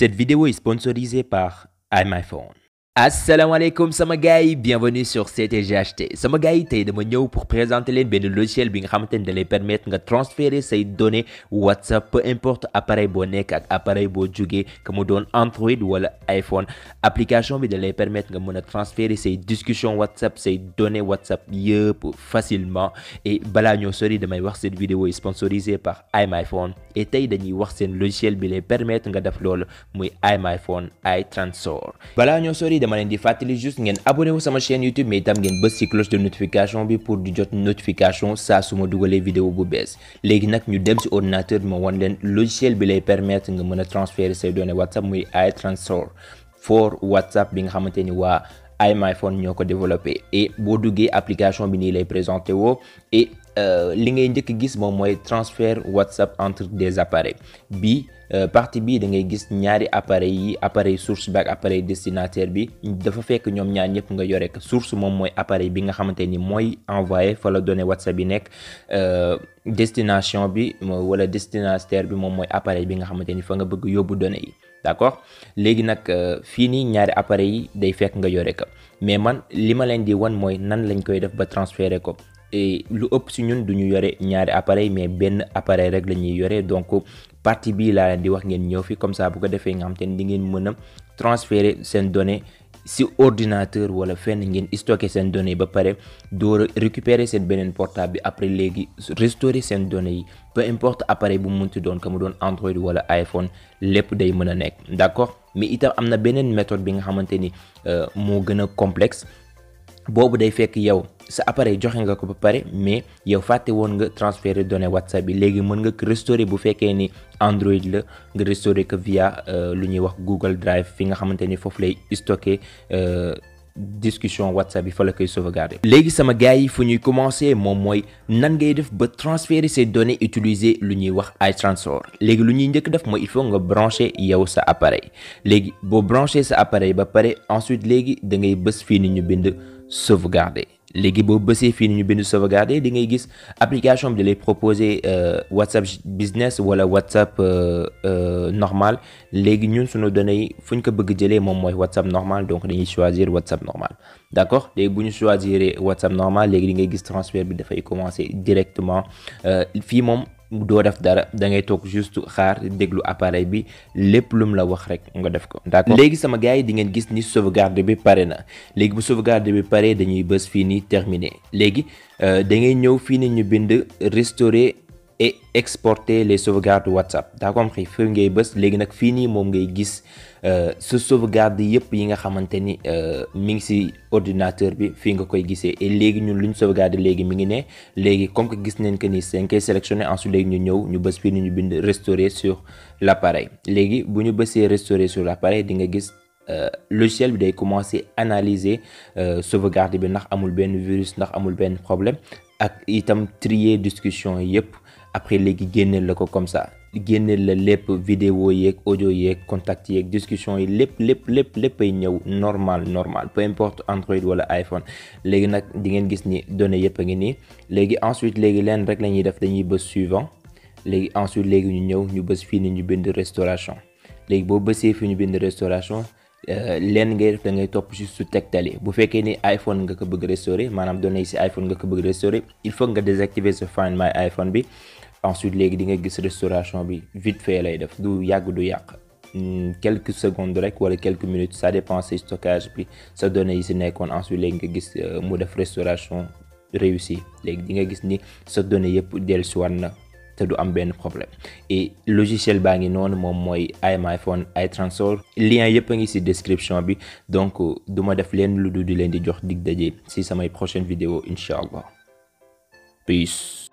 Cette vidéo est sponsorisée par iMyPhone. Assalamu alaikum bienvenue sur CTGHT sama tu es de mon pour présenter les logiciels logiciel bi de permettre de transférer ces données WhatsApp peu importe appareil bonnet appareil que jugé, comme mu Android ou iPhone application bi de les permettre de transférer ces discussions WhatsApp ces données WhatsApp pour facilement et balaa sorry de de voir cette vidéo est sponsorisée par iMyPhone e tey dañuy wax seen logiciel bi lay permettre nga def loolu muy iMyPhone iTransor balaa ñoo sori dama leen di fàttali juste ngeen abonné wu sama chaîne YouTube mais itam ngeen bës ci cloche de notification bi pour di jot notification saa su ma dugalee vidéo bu bees léegi nag ñu dem si ordinateur bi ma wan leen logiciel bi lay permettre nga mën a transférer say données WhatsApp muy iTransor for WhatsApp bi nga xamante ni waa iMyPhone ñoo ko développé et boo duggee application bi nii lay présenté woo Euh, li ngay njëkk gis mom moy transfert WhatsApp entre des appareils bi euh, partie bi da ngay gis ñaari appareil yi appareil source bi appareil destinataire bi dafa fekk ñom ñaar ñëpp nga yoré ko source mom moy appareil bi nga xamanteni moy envoyer envoyé fa la donner WhatsApp bi nekk euh, destination bi wala destinataire bi mom moy appareil bi nga xamanteni fa nga bëgg yóbbu données yi d'accord léegi nak fini ñaari appareil yi day fekk nga yoré ko mais man lima ma leen di wan moy nan lañ koy def ba transférer ko lu ëpp si ñun du ñu yore ñaari appareil mais benn appareil rek la ñuy yore donc partie bii laa leen di wax ngeen ñëw fi comme ça bu ko defee nga xam te ne di ngeen mën a transférer seen données si ordinateur wala fenn ngeen stocké seen données ba pare door récupérer seen beneen portable bi après léegi restaurer seen données yi peu importe appareil bu munti doon ka mu doon Android wala iPhone lépp day mën a nekk d'accord mais itam am na beneen méthode bi nga xamante ni euh, moo gën a complexe boobu day fekk yow sa appareil joxe nga ko ba pare mais yow fàtte woon nga transférer données WhatsApp bi léegi mën nga ko restaurer bu fekkee ni Android la nga restaurer ko via euh, lu ñuy wax Google Drive fi nga xamante ni foofu lay stocker euh, discussion WhatsApp bi fa la koy sauvegarder léegi sama gars yi fu ñuy commencer moom mooy nan ngay def ba transférer ces données utiliser lu ñuy wax iTransfer léegi lu ñuy njëkk def mooy il faut nga brancher yow sa appareil léegi boo brancher sa appareil ba pare ensuite léegi da ngay bës fii ni ñu bind. sauvegarder léegi boo bësee fii ni ñu bind sauvegarder di ngay gis application bi da lay proposer euh, WhatsApp business wala WhatsApp euh, euh, normal léegi ñun suñu données yi fu ñu ko bëgg jëlee moom mooy WhatsApp normal donc dañuy choisir WhatsApp normal d' accord léegi bu ñu choisir WhatsApp normal léegi di ngay gis transfert bi dafay commencer directement fii moom. doo def dara da ngay toog juste xaar déglu appareil bi lépp lum la wax rek nga def ko d'accord léegi sama gars yi di ngeen gis ni sauvegarde bi pare na léegi bu sauvegarde bi pare dañuy bës fii nii terminé léegi euh, da ngay ñëw fii ni ñu bind restaurer et exporter les sauvegardes WhatsApp D'accord, compris fii ngay bës léegi nag fini, nii moom ngay ce euh, sauvegarde yep yi nga xamanteni euh mi ngi ci ordinateur bi fi nga koy gisee et léegi ñun luñ sauvegarde léegi mi ngi né léegi comme que gis nañ que ni c'est koy sélectionné ensuite léegi ñu ñëw ñu bës fi ñu bind restaurer sur l'appareil léegi bu ñu bësee restaurer sur l'appareil di nga gis euh, logiciel bi day commencer analyser euh, sauvegarde bi ndax amul ben virus ndax amul ben problème ak itam trier discussion yep après les gagner le comme ça gagner le lépp vidéo yek audio yek contact yek discussion yi lépp lépp lépp lépp ay normal normal peu importe Android wala iPhone légui nak di ngeen gis ni données yep ngi ni légui ensuite légui leen rek lañuy def dañuy bëss suivant légui ensuite légui ñu ñew ñu bëss fi ni ñu bind restauration légui bo bësee fi ñu bind restauration euh, leen ngay def da ngay top ci su tegtali bu féké ni iPhone nga ko bëgg restaurer manam données ci si iPhone nga ko bëgg restaurer il faut nga désactiver ce Find My iPhone bi ensuite léegi di nga gis restauration bi vite fait lay def du du yak hmm, quelques secondes rek wala quelques minutes ça dépend si stockage puis ça donne yi n'est qu'on ensuite léegi nga gis euh, mu def restauration réussi léegi di nga gis ni sa données yëpp dellusiwaat te du am problème et logiciel baa ngi noonu moom mooy i transfer lien yëpp a ngi ci description bi donc euh, du ma def nous lu du di leen di jox dig daje ci samay prochaine vidéo incha peace